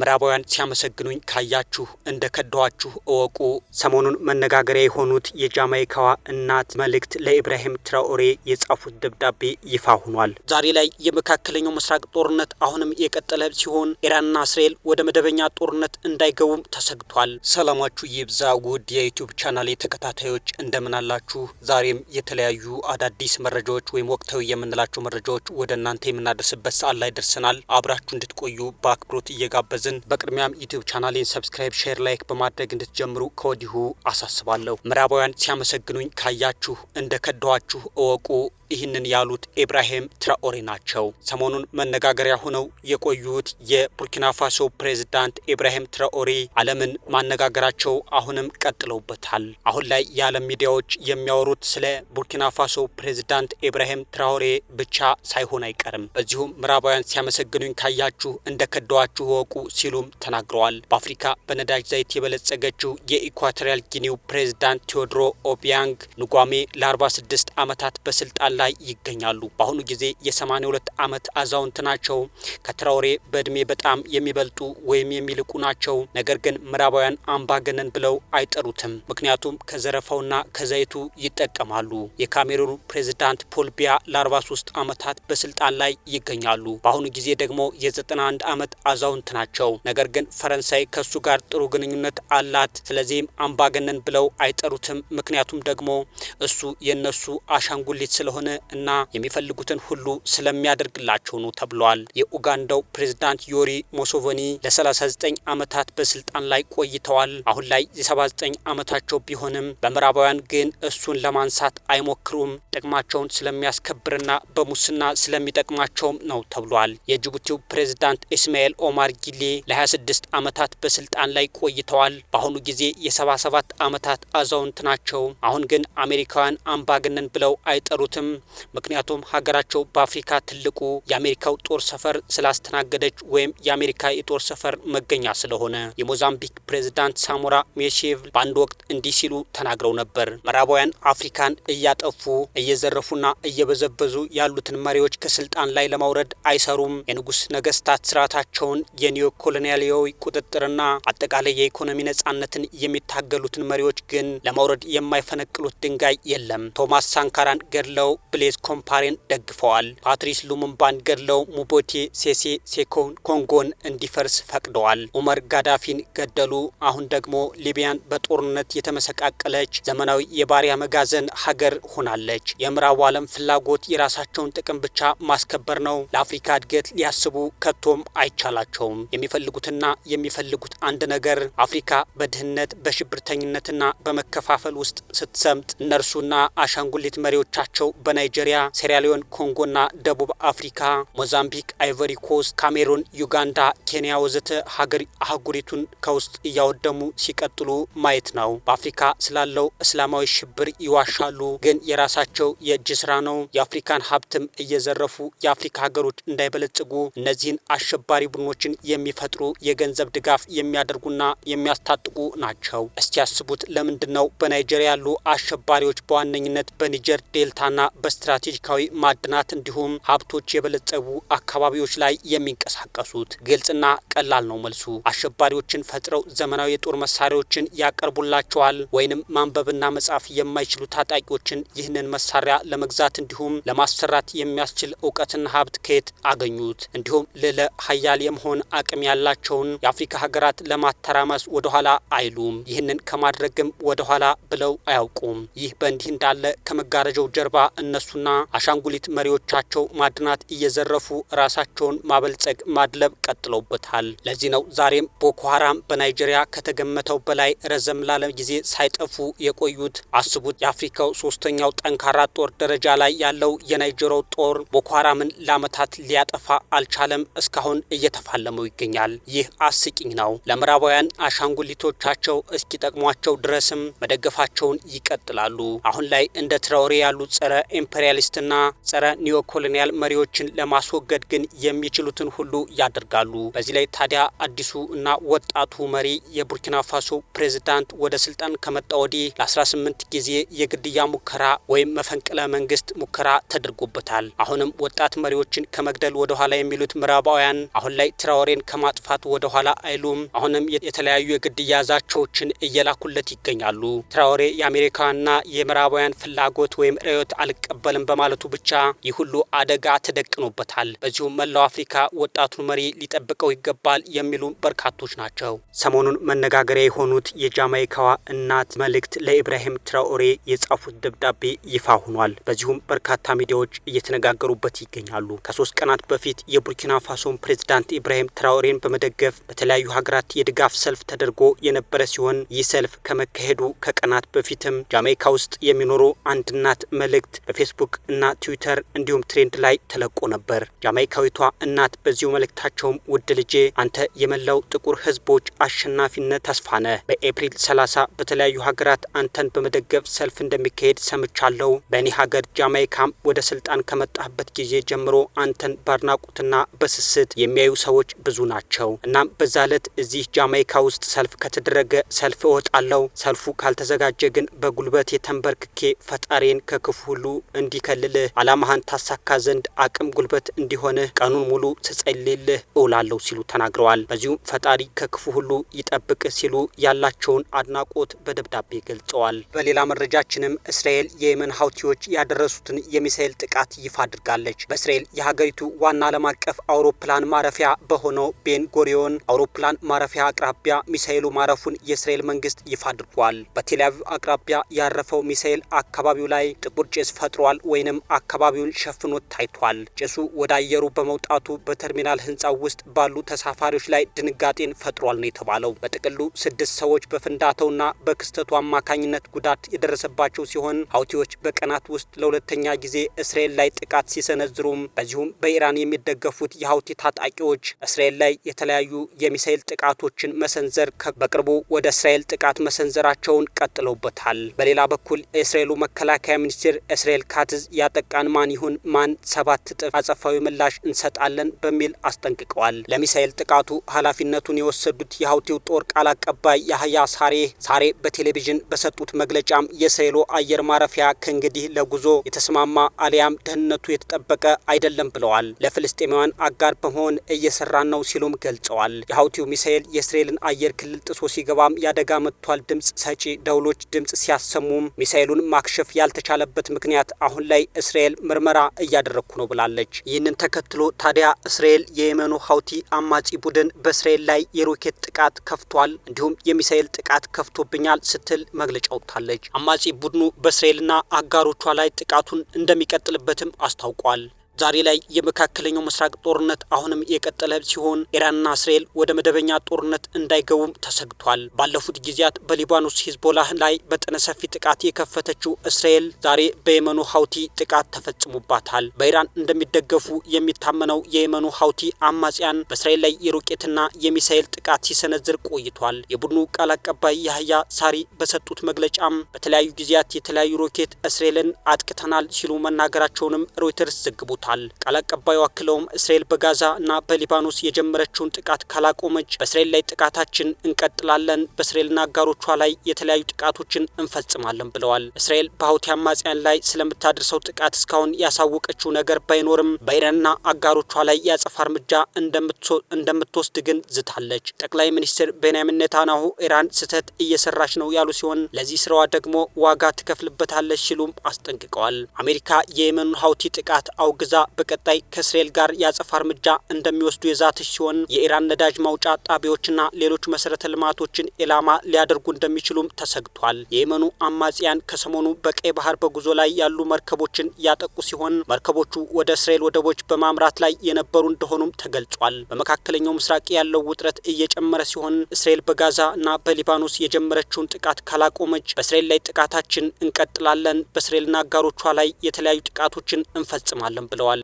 ምዕራባውያን ሲያመሰግኑኝ ካያችሁ እንደ ከዳኋችሁ እወቁ። ሰሞኑን መነጋገሪያ የሆኑት የጃማይካዋ እናት መልእክት ለኢብራሂም ትራኦሬ የጻፉት ደብዳቤ ይፋ ሆኗል። ዛሬ ላይ የመካከለኛው ምስራቅ ጦርነት አሁንም የቀጠለ ሲሆን ኢራንና እስራኤል ወደ መደበኛ ጦርነት እንዳይገቡም ተሰግቷል። ሰላማችሁ ይብዛ ውድ የዩቲዩብ ቻናል ተከታታዮች እንደምን አላችሁ? ዛሬም የተለያዩ አዳዲስ መረጃዎች ወይም ወቅታዊ የምንላቸው መረጃዎች ወደ እናንተ የምናደርስበት ሰዓት ላይ ደርሰናል። አብራችሁ እንድትቆዩ በአክብሮት እየጋበዘ እንድትመዝን በቅድሚያም ዩቲዩብ ቻናሌን ሰብስክራይብ፣ ሼር፣ ላይክ በማድረግ እንድትጀምሩ ከወዲሁ አሳስባለሁ። ምዕራባውያን ሲያመሰግኑኝ ካያችሁ እንደ ከደዋችሁ እወቁ። ይህንን ያሉት ኢብራሂም ትራኦሬ ናቸው። ሰሞኑን መነጋገሪያ ሆነው የቆዩት የቡርኪና ፋሶ ፕሬዝዳንት ኢብራሂም ትራኦሬ ዓለምን ማነጋገራቸው አሁንም ቀጥለውበታል። አሁን ላይ የዓለም ሚዲያዎች የሚያወሩት ስለ ቡርኪና ፋሶ ፕሬዝዳንት ኢብራሂም ትራኦሬ ብቻ ሳይሆን አይቀርም። በዚሁም ምዕራባውያን ሲያመሰግኑኝ ካያችሁ እንደ ከደዋችሁ ወቁ ሲሉም ተናግረዋል። በአፍሪካ በነዳጅ ዘይት የበለጸገችው የኢኳቶሪያል ጊኒው ፕሬዝዳንት ቴዎድሮ ኦቢያንግ ንጓሜ ለ46 ዓመታት በስልጣን ላይ ይገኛሉ። በአሁኑ ጊዜ የ82 ዓመት አዛውንት ናቸው። ከትራውሬ በእድሜ በጣም የሚበልጡ ወይም የሚልቁ ናቸው። ነገር ግን ምዕራባውያን አምባገነን ብለው አይጠሩትም። ምክንያቱም ከዘረፋውና ከዘይቱ ይጠቀማሉ። የካሜሩኑ ፕሬዚዳንት ፖል ቢያ ለ43 ዓመታት በስልጣን ላይ ይገኛሉ። በአሁኑ ጊዜ ደግሞ የ91 ዓመት አዛውንት ናቸው። ነገር ግን ፈረንሳይ ከሱ ጋር ጥሩ ግንኙነት አላት። ስለዚህም አምባገነን ብለው አይጠሩትም። ምክንያቱም ደግሞ እሱ የነሱ አሻንጉሊት ስለሆነ ስለሆነ እና የሚፈልጉትን ሁሉ ስለሚያደርግላቸው ነው ተብሏል። የኡጋንዳው ፕሬዝዳንት ዮሪ ሞሶቨኒ ለ39 ዓመታት በስልጣን ላይ ቆይተዋል። አሁን ላይ የ79 ዓመታቸው ቢሆንም በምዕራባውያን ግን እሱን ለማንሳት አይሞክሩም። ጥቅማቸውን ስለሚያስከብርና በሙስና ስለሚጠቅማቸውም ነው ተብሏል። የጅቡቲው ፕሬዝዳንት ኢስማኤል ኦማር ጊሌ ለ26 ዓመታት በስልጣን ላይ ቆይተዋል። በአሁኑ ጊዜ የ77 ዓመታት አዛውንት ናቸው። አሁን ግን አሜሪካውያን አምባገነን ብለው አይጠሩትም። ምክንያቱም ሀገራቸው በአፍሪካ ትልቁ የአሜሪካው ጦር ሰፈር ስላስተናገደች ወይም የአሜሪካ የጦር ሰፈር መገኛ ስለሆነ። የሞዛምቢክ ፕሬዝዳንት ሳሞራ ሜሼቭ በአንድ ወቅት እንዲህ ሲሉ ተናግረው ነበር። ምዕራባውያን አፍሪካን እያጠፉ እየዘረፉና እየበዘበዙ ያሉትን መሪዎች ከስልጣን ላይ ለማውረድ አይሰሩም። የንጉስ ነገስታት ስርዓታቸውን የኒዮ ኮሎኒያላዊ ቁጥጥርና አጠቃላይ የኢኮኖሚ ነጻነትን የሚታገሉትን መሪዎች ግን ለማውረድ የማይፈነቅሉት ድንጋይ የለም። ቶማስ ሳንካራን ገድለው ብሌዝ ኮምፓሬን ደግፈዋል። ፓትሪስ ሉሙምባን ገድለው ሙቦቴ ሴሴ ሴኮን ኮንጎን እንዲፈርስ ፈቅደዋል። ኡመር ጋዳፊን ገደሉ። አሁን ደግሞ ሊቢያን በጦርነት የተመሰቃቀለች ዘመናዊ የባሪያ መጋዘን ሀገር ሆናለች። የምዕራቡ ዓለም ፍላጎት የራሳቸውን ጥቅም ብቻ ማስከበር ነው። ለአፍሪካ እድገት ሊያስቡ ከቶም አይቻላቸውም። የሚፈልጉትና የሚፈልጉት አንድ ነገር አፍሪካ በድህነት በሽብርተኝነትና በመከፋፈል ውስጥ ስትሰምጥ እነርሱና አሻንጉሊት መሪዎቻቸው በ በናይጄሪያ፣ ሴራሊዮን፣ ኮንጎና ደቡብ አፍሪካ፣ ሞዛምቢክ፣ አይቨሪ ኮስት፣ ካሜሩን፣ ዩጋንዳ፣ ኬንያ ወዘተ ሀገር አህጉሪቱን ከውስጥ እያወደሙ ሲቀጥሉ ማየት ነው። በአፍሪካ ስላለው እስላማዊ ሽብር ይዋሻሉ፣ ግን የራሳቸው የእጅ ስራ ነው። የአፍሪካን ሀብትም እየዘረፉ የአፍሪካ ሀገሮች እንዳይበለጽጉ እነዚህን አሸባሪ ቡድኖችን የሚፈጥሩ የገንዘብ ድጋፍ የሚያደርጉና የሚያስታጥቁ ናቸው። እስቲ ያስቡት። ለምንድን ነው በናይጄሪያ ያሉ አሸባሪዎች በዋነኝነት በኒጀር ዴልታና በስትራቴጂካዊ ማዕድናት እንዲሁም ሀብቶች የበለጸጉ አካባቢዎች ላይ የሚንቀሳቀሱት? ግልጽና ቀላል ነው መልሱ። አሸባሪዎችን ፈጥረው ዘመናዊ የጦር መሳሪያዎችን ያቀርቡላቸዋል፣ ወይንም ማንበብና መጻፍ የማይችሉ ታጣቂዎችን ይህንን መሳሪያ ለመግዛት እንዲሁም ለማሰራት የሚያስችል እውቀትና ሀብት ከየት አገኙት? እንዲሁም ልዕለ ሀያል የመሆን አቅም ያላቸውን የአፍሪካ ሀገራት ለማተራመስ ወደኋላ አይሉም። ይህንን ከማድረግም ወደኋላ ብለው አያውቁም። ይህ በእንዲህ እንዳለ ከመጋረጃው ጀርባ እነ እነሱና አሻንጉሊት መሪዎቻቸው ማድናት እየዘረፉ ራሳቸውን ማበልጸግ ማድለብ ቀጥለውበታል። ለዚህ ነው ዛሬም ቦኮ ሀራም በናይጄሪያ ከተገመተው በላይ ረዘም ላለ ጊዜ ሳይጠፉ የቆዩት። አስቡት፣ የአፍሪካው ሶስተኛው ጠንካራ ጦር ደረጃ ላይ ያለው የናይጀሮ ጦር ቦኮ ሀራምን ሊያጠፋ አልቻለም። እስካሁን እየተፋለመው ይገኛል። ይህ አስቂኝ ነው። ለምዕራባውያን አሻንጉሊቶቻቸው እስኪጠቅሟቸው ድረስም መደገፋቸውን ይቀጥላሉ። አሁን ላይ እንደ ትራውሬ ያሉ ጸረ ኢምፐሪያሊስትና ጸረ ኒዮኮሎኒያል መሪዎችን ለማስወገድ ግን የሚችሉትን ሁሉ ያደርጋሉ። በዚህ ላይ ታዲያ አዲሱ እና ወጣቱ መሪ የቡርኪና ፋሶ ፕሬዝዳንት ወደ ስልጣን ከመጣ ወዲህ ለ18 ጊዜ የግድያ ሙከራ ወይም መፈንቅለ መንግስት ሙከራ ተደርጎበታል። አሁንም ወጣት መሪዎችን ከመግደል ወደኋላ የሚሉት ምዕራባውያን አሁን ላይ ትራወሬን ከማጥፋት ወደኋላ አይሉም። አሁንም የተለያዩ የግድያ ዛቻዎችን እየላኩለት ይገኛሉ። ትራኦሬ የአሜሪካና የምዕራባውያን ፍላጎት ወይም ርዕዮተ አልቀ አልቀበልም በማለቱ ብቻ ይህ ሁሉ አደጋ ተደቅኖበታል። በዚሁም መላው አፍሪካ ወጣቱን መሪ ሊጠብቀው ይገባል የሚሉ በርካቶች ናቸው። ሰሞኑን መነጋገሪያ የሆኑት የጃማይካዋ እናት መልእክት ለኢብራሂም ትራኦሬ የጻፉት ደብዳቤ ይፋ ሆኗል። በዚሁም በርካታ ሚዲያዎች እየተነጋገሩበት ይገኛሉ። ከሶስት ቀናት በፊት የቡርኪና ፋሶን ፕሬዝዳንት ኢብራሂም ትራኦሬን በመደገፍ በተለያዩ ሀገራት የድጋፍ ሰልፍ ተደርጎ የነበረ ሲሆን ይህ ሰልፍ ከመካሄዱ ከቀናት በፊትም ጃማይካ ውስጥ የሚኖሩ አንድ እናት መልእክት በፌ ፌስቡክ እና ትዊተር እንዲሁም ትሬንድ ላይ ተለቆ ነበር። ጃማይካዊቷ እናት በዚሁ መልእክታቸውም ውድ ልጄ አንተ የመላው ጥቁር ሕዝቦች አሸናፊነት ተስፋ ነህ። በኤፕሪል 30 በተለያዩ ሀገራት አንተን በመደገፍ ሰልፍ እንደሚካሄድ ሰምቻለሁ። በእኔ ሀገር ጃማይካም ወደ ስልጣን ከመጣህበት ጊዜ ጀምሮ አንተን በአድናቆትና በስስት የሚያዩ ሰዎች ብዙ ናቸው። እናም በዛ ዕለት እዚህ ጃማይካ ውስጥ ሰልፍ ከተደረገ ሰልፍ እወጣለሁ። ሰልፉ ካልተዘጋጀ ግን በጉልበት የተንበርክኬ ፈጣሪን ከክፉ ሁሉ እንዲከልልህ አላማህን ታሳካ ዘንድ አቅም ጉልበት እንዲሆንህ ቀኑን ሙሉ ስጸልይልህ እውላለሁ ሲሉ ተናግረዋል። በዚሁም ፈጣሪ ከክፉ ሁሉ ይጠብቅ ሲሉ ያላቸውን አድናቆት በደብዳቤ ገልጸዋል። በሌላ መረጃችንም እስራኤል የየመን ሀውቲዎች ያደረሱትን የሚሳኤል ጥቃት ይፋ አድርጋለች። በእስራኤል የሀገሪቱ ዋና ዓለም አቀፍ አውሮፕላን ማረፊያ በሆነው ቤን ጎሪዮን አውሮፕላን ማረፊያ አቅራቢያ ሚሳኤሉ ማረፉን የእስራኤል መንግስት ይፋ አድርጓል። በቴልአቪቭ አቅራቢያ ያረፈው ሚሳኤል አካባቢው ላይ ጥቁር ጭስ ፈጥሮ ተፈጥሯል ወይንም አካባቢውን ሸፍኖ ታይቷል። ጭሱ ወደ አየሩ በመውጣቱ በተርሚናል ህንፃው ውስጥ ባሉ ተሳፋሪዎች ላይ ድንጋጤን ፈጥሯል ነው የተባለው። በጥቅሉ ስድስት ሰዎች በፍንዳታውና በክስተቱ አማካኝነት ጉዳት የደረሰባቸው ሲሆን ሀውቲዎች በቀናት ውስጥ ለሁለተኛ ጊዜ እስራኤል ላይ ጥቃት ሲሰነዝሩም በዚሁም በኢራን የሚደገፉት የሀውቲ ታጣቂዎች እስራኤል ላይ የተለያዩ የሚሳኤል ጥቃቶችን መሰንዘር በቅርቡ ወደ እስራኤል ጥቃት መሰንዘራቸውን ቀጥለውበታል። በሌላ በኩል የእስራኤሉ መከላከያ ሚኒስቴር እስራኤል ካድዝ ያጠቃን ማን ይሁን ማን ሰባት እጥፍ አጸፋዊ ምላሽ እንሰጣለን በሚል አስጠንቅቀዋል። ለሚሳኤል ጥቃቱ ኃላፊነቱን የወሰዱት የሀውቲው ጦር ቃል አቀባይ ያህያ ሳሬ ሳሬ በቴሌቪዥን በሰጡት መግለጫም የሰይሎ አየር ማረፊያ ከእንግዲህ ለጉዞ የተስማማ አሊያም ደህንነቱ የተጠበቀ አይደለም ብለዋል። ለፍልስጤማውያን አጋር በመሆን እየሰራን ነው ሲሉም ገልጸዋል። የሀውቲው ሚሳኤል የእስራኤልን አየር ክልል ጥሶ ሲገባም ያደጋ መጥቷል ድምፅ ሰጪ ደውሎች ድምፅ ሲያሰሙም ሚሳኤሉን ማክሸፍ ያልተቻለበት ምክንያት አሁን ላይ እስራኤል ምርመራ እያደረግኩ ነው ብላለች። ይህንን ተከትሎ ታዲያ እስራኤል የየመኑ ሀውቲ አማጺ ቡድን በእስራኤል ላይ የሮኬት ጥቃት ከፍቷል፣ እንዲሁም የሚሳኤል ጥቃት ከፍቶብኛል ስትል መግለጫ ወጥታለች። አማጺ ቡድኑ በእስራኤልና አጋሮቿ ላይ ጥቃቱን እንደሚቀጥልበትም አስታውቋል። ዛሬ ላይ የመካከለኛው ምስራቅ ጦርነት አሁንም የቀጠለ ሲሆን ኢራንና እስራኤል ወደ መደበኛ ጦርነት እንዳይገቡም ተሰግቷል። ባለፉት ጊዜያት በሊባኖስ ሂዝቦላህ ላይ በጠነ ሰፊ ጥቃት የከፈተችው እስራኤል ዛሬ በየመኑ ሀውቲ ጥቃት ተፈጽሞባታል። በኢራን እንደሚደገፉ የሚታመነው የየመኑ ሀውቲ አማጽያን በእስራኤል ላይ የሮኬትና የሚሳኤል ጥቃት ሲሰነዝር ቆይቷል። የቡድኑ ቃል አቀባይ ያህያ ሳሪ በሰጡት መግለጫም በተለያዩ ጊዜያት የተለያዩ ሮኬት እስራኤልን አጥቅተናል ሲሉ መናገራቸውንም ሮይተርስ ዘግቦታል። ብለውታል። ቃል አቀባዩ አክለውም እስራኤል በጋዛ እና በሊባኖስ የጀመረችውን ጥቃት ካላቆመች በእስራኤል ላይ ጥቃታችን እንቀጥላለን፣ በእስራኤልና አጋሮቿ ላይ የተለያዩ ጥቃቶችን እንፈጽማለን ብለዋል። እስራኤል በሀውቲ አማጽያን ላይ ስለምታደርሰው ጥቃት እስካሁን ያሳወቀችው ነገር ባይኖርም በኢራንና አጋሮቿ ላይ ያጸፋ እርምጃ እንደምትወስድ ግን ዝታለች። ጠቅላይ ሚኒስትር ቤንያሚን ኔታንያሁ ኢራን ስህተት እየሰራች ነው ያሉ ሲሆን ለዚህ ስራዋ ደግሞ ዋጋ ትከፍልበታለች ሲሉም አስጠንቅቀዋል። አሜሪካ የየመኑን ሀውቲ ጥቃት አውግዛ በቀጣይ ከእስራኤል ጋር የአጸፋ እርምጃ እንደሚወስዱ የዛተች ሲሆን የኢራን ነዳጅ ማውጫ ጣቢያዎችና ሌሎች መሰረተ ልማቶችን ኢላማ ሊያደርጉ እንደሚችሉም ተሰግቷል። የየመኑ አማጽያን ከሰሞኑ በቀይ ባህር በጉዞ ላይ ያሉ መርከቦችን ያጠቁ ሲሆን መርከቦቹ ወደ እስራኤል ወደቦች በማምራት ላይ የነበሩ እንደሆኑም ተገልጿል። በመካከለኛው ምስራቅ ያለው ውጥረት እየጨመረ ሲሆን እስራኤል በጋዛ እና በሊባኖስ የጀመረችውን ጥቃት ካላቆመች በእስራኤል ላይ ጥቃታችን እንቀጥላለን፣ በእስራኤልና አጋሮቿ ላይ የተለያዩ ጥቃቶችን እንፈጽማለን ብለዋል። ተገልጸዋል።